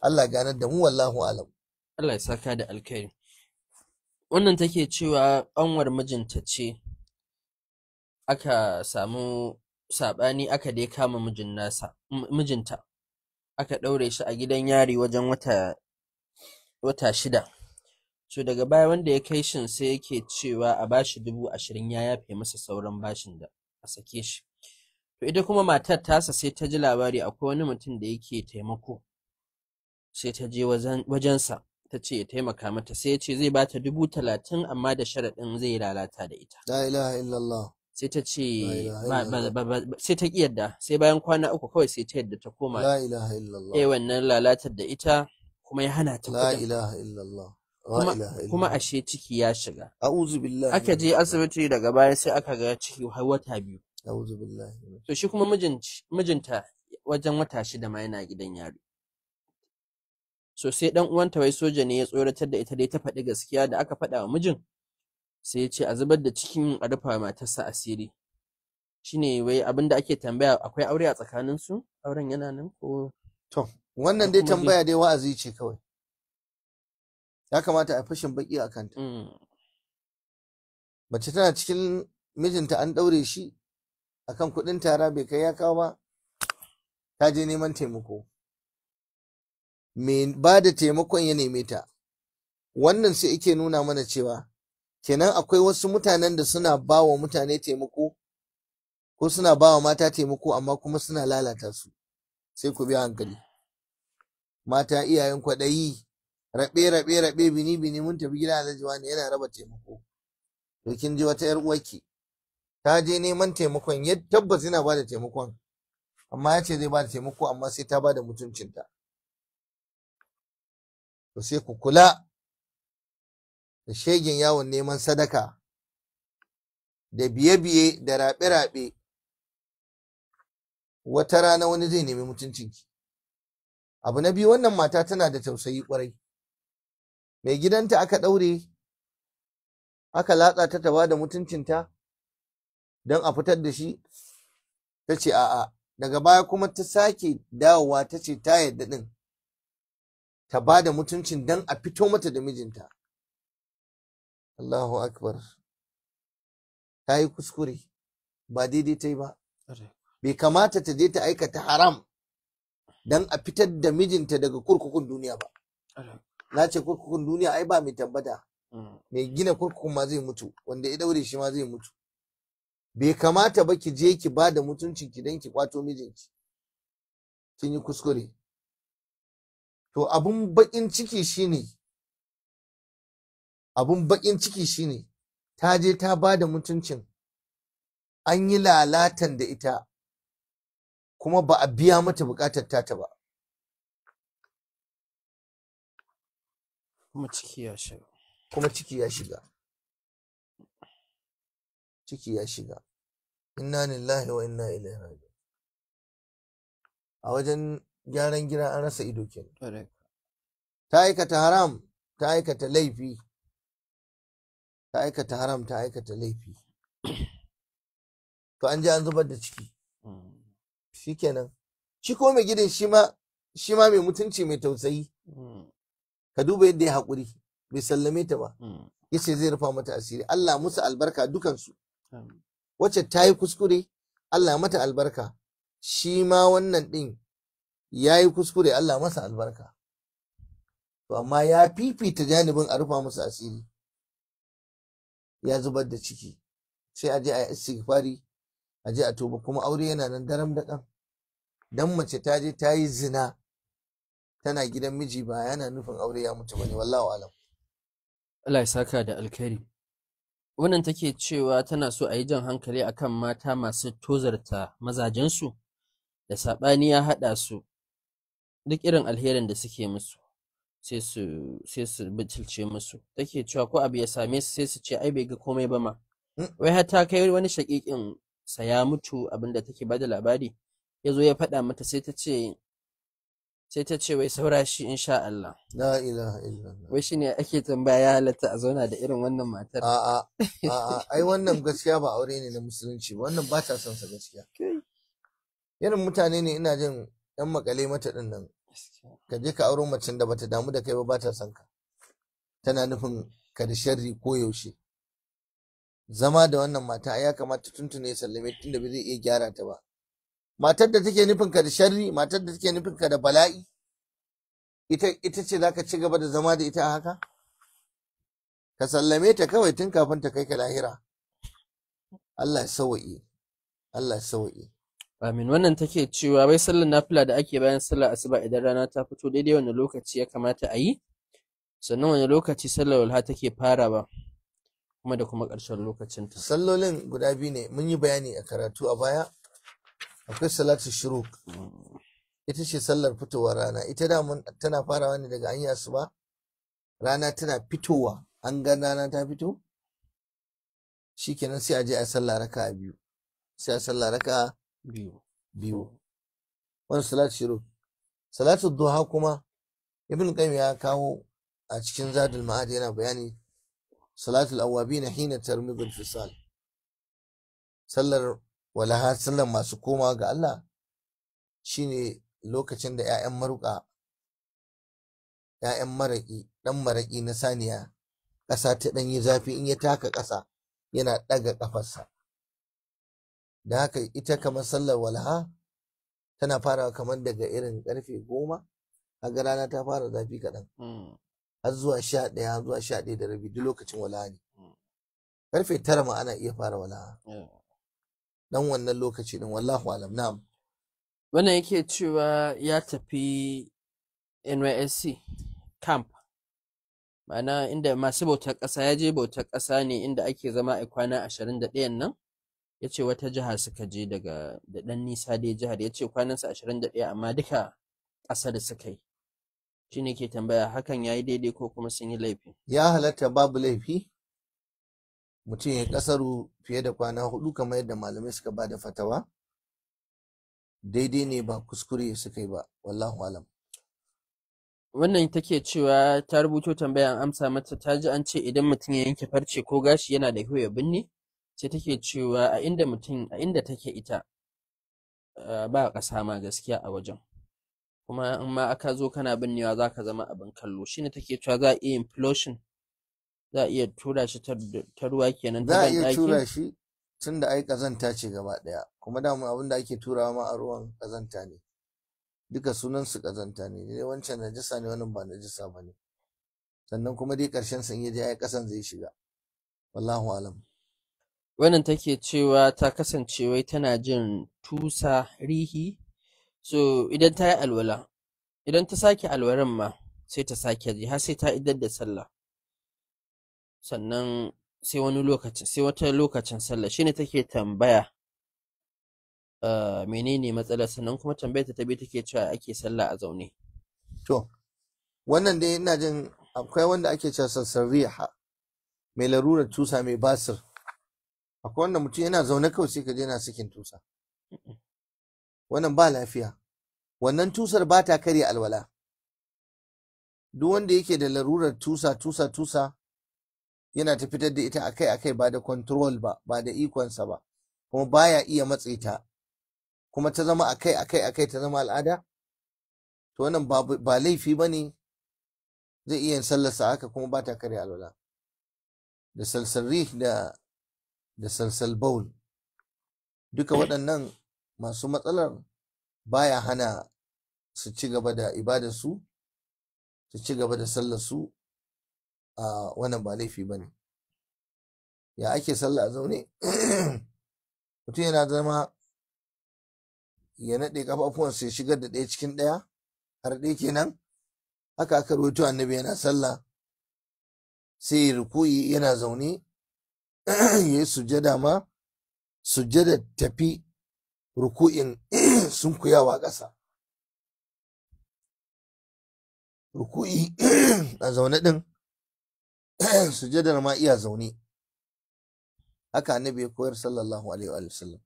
Allah ganar da mu wallahu alam Allah ya saka da alkhairi wannan take cewa ƙanwar mijinta ce aka samu saɓani aka dai kama mijinta aka ɗaure shi a gidan yari wajen wata shida To daga baya wanda ya kai shin sai yake cewa a bashi dubu ashirin ya yafe masa sauran bashin da a sake shi to ita kuma matar tasa sai ta ji labari akwai wani mutum da yake taimako sai ta je wajensa ta ce ya taimaka mata sai ya ce zai bata dubu talatin amma da sharaɗin zai lalata da ita la ilaha sai ta ce sai ta yadda sai bayan kwana uku kawai sai ta yadda ta koma la wannan lalatar da ita kuma ya hana ta la kuma ashe ciki ya shiga a'udhu billahi aka je asibiti daga baya sai aka ga ciki har wata biyu a'udhu to shi kuma mijinta wajen wata shida ma yana gidan yari so sai dan uwanta wai soja ne ya tsoratar da ita dai ta faɗi gaskiya da aka faɗa wa mijin sai ya ce a zubar da cikin a rufa matarsa asiri shine wai abin da ake tambaya akwai aure a tsakanin su auren yana nan ko to wannan dai tambaya dai wa'azi ce kawai ya kamata a fashin baki a kanta mm. mace tana cikin mijinta an ɗaure shi akan kuɗin tara bai kai ya kawo ba ta je neman taimako Me ba da taimakon ya neme ta wannan sai ike nuna mana cewa kenan akwai wasu mutanen da suna ba wa mutane taimako ko suna ba wa mata taimako amma kuma suna lalata su sai ku biya hankali mata iyayen kwaɗayi raɓe raɓe raɓe bini bini mun tafi gida alhaji ne, yana raba taimako to kin ji wata yar uwarki ta je neman taimakon ya tabbas yana ba da taimakon amma ya ce zai ba da taimako amma sai ta ba da mutuncinta to sai ku kula da shegen yawon neman sadaka da biye-biye da raɓe-raɓe wata rana wani zai nemi mutuncinki abu na biyu wannan mata tana da tausayi kwarai mai gidanta aka ɗaure aka latsa ta taba da mutuncinta don a fitar da shi ta ce a'a daga baya kuma ta sake dawowa ta ce ta yadda ɗin ta ba da mutuncin dan a fito mata da mijinta Allahu akbar ta yi kuskure ba daidai ta yi ba bai kamata ta je ta aikata haram dan a fitar da mijinta daga kurkukun duniya ba na ce kurkukun duniya ai ba mai tabbata mm. mai gina kurkukun ma zai mutu wanda ya daure shi ma zai mutu bai kamata ba ki je ki ba da mutuncin ki don ki kwato mijinki kin yi kuskure to abun bakin ciki shine abun bakin ciki shine ta je ta ba da mutuncin an yi lalatan da ita kuma ba a biya mata bukatar tata ba kuma ciki ya shiga kuma ciki ya shiga ciki ya shiga inna lillahi wa inna ilaihi raji'un a wajen gyaran gida an rasa ido ke. ta aikata haram ta aikata laifi ta aikata haram ta aikata laifi to an ji an zubar da ciki mm. shi kenan shi ko mai gidan shi ma mai mutunci mai tausayi mm. ka duba yadda ya haƙuri bai sallame ta ba mm. ya ce zai rufa mata asiri Allah musu albarka dukansu wacce ta yi kuskure Allah mata albarka shi ma wannan ɗin ya yi kuskure Allah masa albarka to amma ya fifita janibin a rufa masa asiri ya zubar da ciki sai a je a istighfari a je a tuba kuma aure yana nan daram da ɗan dan mace ta je ta yi zina tana gidan miji ba yana nufin aure ya mutu bane wallahu alam Allah ya saka da alkhairi wannan take cewa tana so a yi jan hankali akan mata masu tozarta mazajensu da saɓani ya haɗa su duk irin alherin da suke musu sai su sai su bicilce musu take cewa ko abu ya same su sai su ce ai bai ga komai ba ma hmm. wai har ta kai wani shakikin sa ya mutu abinda take bada labari ya zo ya faɗa mata sai ta ce sai ta ce wai saura shi insha Allah la ilaha illallah wai shine ake tambaya ya halatta a zauna da irin wannan matar a'a a'a ai wannan gaskiya ba aure ne na musulunci wannan ba ta son sa gaskiya irin mutane ne ina jin Yan makale mata din nan ka je ka auro macen da bata damu da kai ba ta san ka tana nufin ka da sharri ko yaushe zama da wannan mata ya kamata tuntune ya sallame tunda ba zai iya gyara ta ba matar da take nufin ka da sharri matar da take nufin ka da bala'i ita ita ce zaka ci gaba da zama da ita a haka ka sallame ta kawai tun kafin ta kai ka lahira Allah ya sawaye Allah ya sawaye Amin wannan take cewa bai sallar nafila da ake bayan sallar asuba idan rana ta fito daidai wani lokaci ya kamata a yi sannan wani lokaci sallar walha take ba, kuma da kuma ƙarshen lokacin ta. Sallolin guda biyu ne mun yi bayani a karatu a baya akwai salatu shuruk ita ce sallar fitowar rana ita da tana farawa ne daga anya asuba rana tana fitowa an ga rana ta fito shikenan sai a je a sallah raka'a biyu sai a sallar raka'a biyu biyu wani Salatu shiru salatu duha kuma ibn qayyim ya kawo a cikin zadul ma'ad yana bayani salatul awabin hina tarmidul fisal sallar walaha sallar masu koma ga Allah shine lokacin da 'ya'yan maruka 'ya'yan maraki dan maraki na saniya ƙasa ta ɗanyi zafi in ya taka ƙasa yana ɗaga ƙafarsa da haka ita kamar sallar walha tana farawa kamar daga irin karfe goma a ga rana ta fara zafi kaɗan mm. har zuwa sha ɗaya zuwa sha ɗaya da rabi duk lokacin walha ne karfe mm. tara ma ana iya fara walha dan wannan lokaci din wallahu alam na'am wannan yake cewa ya tafi NYSC camp ma'ana inda masu bautar ƙasa ya je bautar ƙasa ne inda ake zama a kwana ashirin da nan ya ce wata jiha suka je daga da ɗan nisa dai jihar ya ce kwanansa ashirin da ɗaya amma duka ƙasar suka yi shi ne ke tambaya hakan ya yi daidai ko kuma sun yi laifi ya halatta babu laifi mutum ya ƙasaru fiye da kwana hudu kamar yadda malamai suka ba da fatawa daidai ne ba kuskure suka yi ba wallahu alam wannan take cewa ta rubuto an amsa mata ta ji an ce idan mutum ya yanke farce ko gashi yana da kyau ya binne sai take cewa a inda mutum a inda take ita eh, ba ƙasa ma gaskiya a wajen kuma in ma aka zo kana binnewa za ka zama abin kallo Shi ne take cewa za a iya yin za a iya tura shi ta ruwa kenan ta za a iya tura shi tun da ai ƙazanta ce gaba ɗaya kuma mu abin da ake turawa ma a ruwan ƙazanta ne duka sunan su ƙazanta ne dai wancan najisa ne wannan ba najisa ba ne sannan kuma dai ƙarshen sun yi dai ai ƙasan zai shiga wallahu alam wannan take cewa ta kasance wai tana jin tusa rihi so idan ta yi alwala idan ta sake alwaran ma sai ta sake ji har sai ta idar da sallah sannan sai wani lokacin sai wata lokacin sallah shine take tambaya ah, menene matsalar sannan kuma tambayar ta bi take cewa ake sallah a zaune to wannan dai ina jin akwai wanda ake cewa sassarriha mai larurar tusa mai basir akwai wanda mutum yana zaune kawai sai ka je yana sakin tusa wannan ba lafiya wannan tusar ba ta karya alwala duk wanda yake da larurar tusa tusa tusa yana ta fitar da ita akai akai ba da control ba ba da ikonsa ba kuma baya iya matse ta kuma ta zama akai akai akai ta zama al'ada to wannan ba laifi ba ne zai iya sallarsa haka kuma ba ta karya alwala da salsarri da da salsal baul duka eh. waɗannan masu matsalar baya hana su ci gaba da ibadarsu su ci gaba da sallarsu a wannan ba laifi ba ne ya ake sallah a zaune mutum yana zama ya naɗe ƙafafuwansa ya shigar da ɗaya cikin ɗaya har ɗaya kenan haka aka rubuta annabi yana sallah sai ya rukuyi yana zaune ya yi sujada ma sujada tafi ruku'in kuyawa ƙasa ruku'i a zaune ɗin sujada ma iya zaune haka annabi ya koyar sallallahu alaihi wa sallam